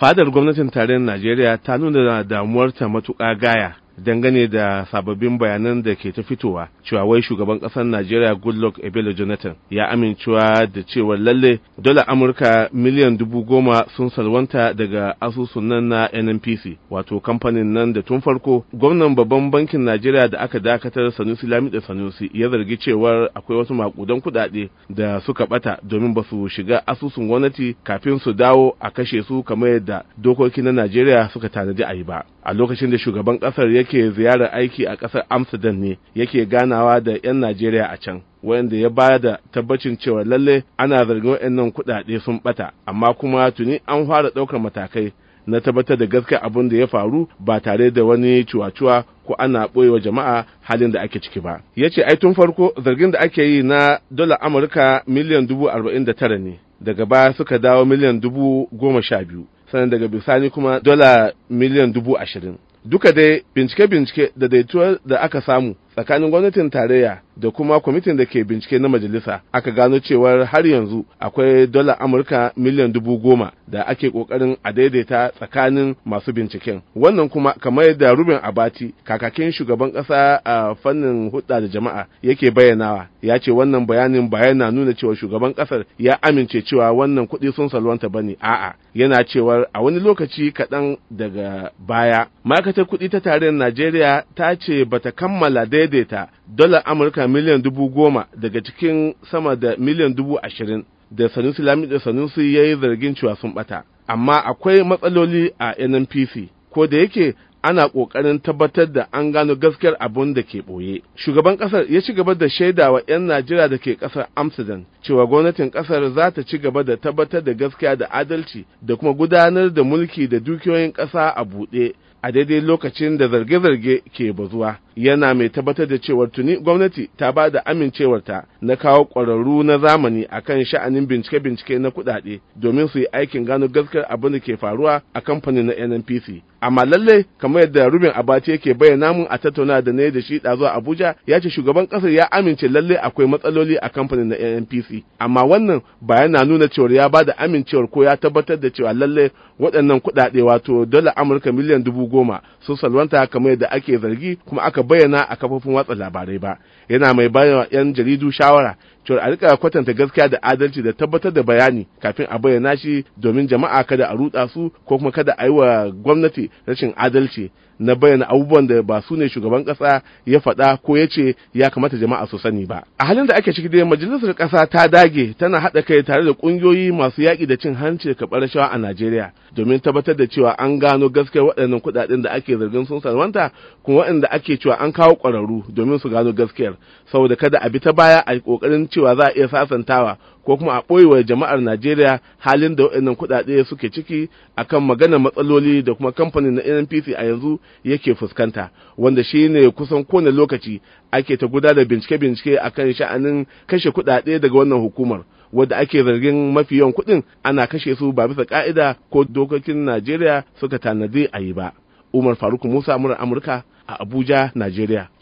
fadar gwamnatin tarayyar najeriya ta nuna damuwarta matuƙa gaya dangane da sababbin bayanan da ke ta fitowa cewa wai shugaban kasar najeriya goodluck ebele jonathan ya amincewa da cewa lalle dola amurka miliyan dubu goma sun salwanta daga asusun nan na nnpc wato kamfanin nan da tun farko gwamnan babban bankin najeriya da aka dakatar sanusi lamida sanusi ya zargi cewar akwai wasu makudan kuɗaɗe da suka bata domin ba su shiga asusun gwamnati kafin su dawo a kashe su kamar yadda dokoki na najeriya suka tanadi a yi ba a lokacin da shugaban ƙasar yake yake ziyarar aiki a ƙasar amsterdam ne yake ganawa da 'yan najeriya a can wanda ya ba da tabbacin cewa lalle ana zargin waɗannan kuɗaɗe sun ɓata amma kuma tuni an fara ɗaukar matakai na tabbatar da gaskiya abin da ya faru ba tare da wani cuwa-cuwa ko ana ɓoyewa jama'a halin da ake ciki ba. Ya ce ai tun farko zargin da ake yi na dola Amurka miliyan dubu arba'in da tara ne, daga baya suka dawo miliyan dubu goma sha biyu, sannan daga bisani kuma dola miliyan dubu ashirin. duka dai bincike-bincike da daituwar da aka samu tsakanin gwamnatin tarayya da kuma kwamitin da ke bincike na majalisa aka gano cewar har yanzu akwai dola amurka miliyan dubu goma da ake kokarin a daidaita tsakanin masu binciken wannan kuma kamar da ruben abati kakakin shugaban kasa a fannin hudda da jama'a yake bayyanawa ya ce wannan bayanin ba yana nuna cewa shugaban kasar ya amince cewa wannan kuɗi sun salwanta ba ne a'a yana cewar a wani lokaci kaɗan daga baya ma'aikatar kuɗi ta tarayyar najeriya ta ce bata kammala daidaita Dollar amurka miliyan dubu goma daga cikin sama da miliyan dubu ashirin da sanusi lamido sanusi ya yi zargin cewa sun bata amma akwai matsaloli a nnpc ko da yake ana ƙoƙarin tabbatar da an gano gaskiyar abun da ke ɓoye. Shugaban ƙasar ya ci gaba da shaida wa 'yan Najeriya da ke ƙasar Amsterdam cewa gwamnatin ƙasar za ta ci gaba da tabbatar da gaskiya da adalci da kuma gudanar da mulki da dukiyoyin ƙasa a buɗe a daidai lokacin da zarge-zarge ke bazuwa yana mai tabbatar da cewar tuni gwamnati ta ba da amincewarta na kawo ƙwararru na zamani a kan sha'anin bincike-bincike na kuɗaɗe domin su yi aikin gano gaskiyar abin da ke faruwa a kamfanin na nnpc amma lallai, kamar yadda rubin abati yake bayyana mun a tattauna da na da shi ɗazu zuwa abuja ya ce shugaban ƙasar ya amince lallai akwai matsaloli a kamfanin na nnpc amma wannan ba yana nuna cewar ya ba da amincewar ko ya tabbatar da cewa lalle waɗannan kuɗaɗe wato dala amurka miliyan dubu goma sun salwanta kamar yadda ake zargi kuma aka bayyana a kafofin watsa labarai ba yana mai bayan 'yan jaridu shawara cewa a rika kwatanta gaskiya da adalci da tabbatar da bayani kafin a bayyana shi domin jama'a kada a rutsa su ko kuma kada a yi wa gwamnati rashin adalci na bayyana abubuwan da ba su ne shugaban kasa ya faɗa ko ya ce ya kamata jama'a su sani ba a halin da ake ciki dai majalisar kasa ta dage tana haɗa kai tare da ƙungiyoyi masu yaƙi da cin hanci da karɓar rashawa a najeriya domin tabbatar da cewa an gano gaskiyar waɗannan kuɗaɗen da ake zargin sun salwanta kuma waɗanda ake cewa an kawo ƙwararru domin su gano gaskiyar saboda kada a bi ta baya a ƙoƙarin cewa za a iya sasantawa ko kuma a ɓoyewa jama'ar najeriya halin da waɗannan kuɗaɗe suke ciki akan magana matsaloli da kuma kamfanin na nnpc a yanzu yake fuskanta wanda shi ne kusan kowane lokaci ake ta gudanar bincike-bincike akan sha'anin kashe kuɗaɗe daga wannan hukumar wadda ake zargin mafi yawan kuɗin ana kashe su ba bisa ƙa'ida ko dokokin najeriya suka tanadi a yi ba umar faruk musa murar amurka a abuja najeriya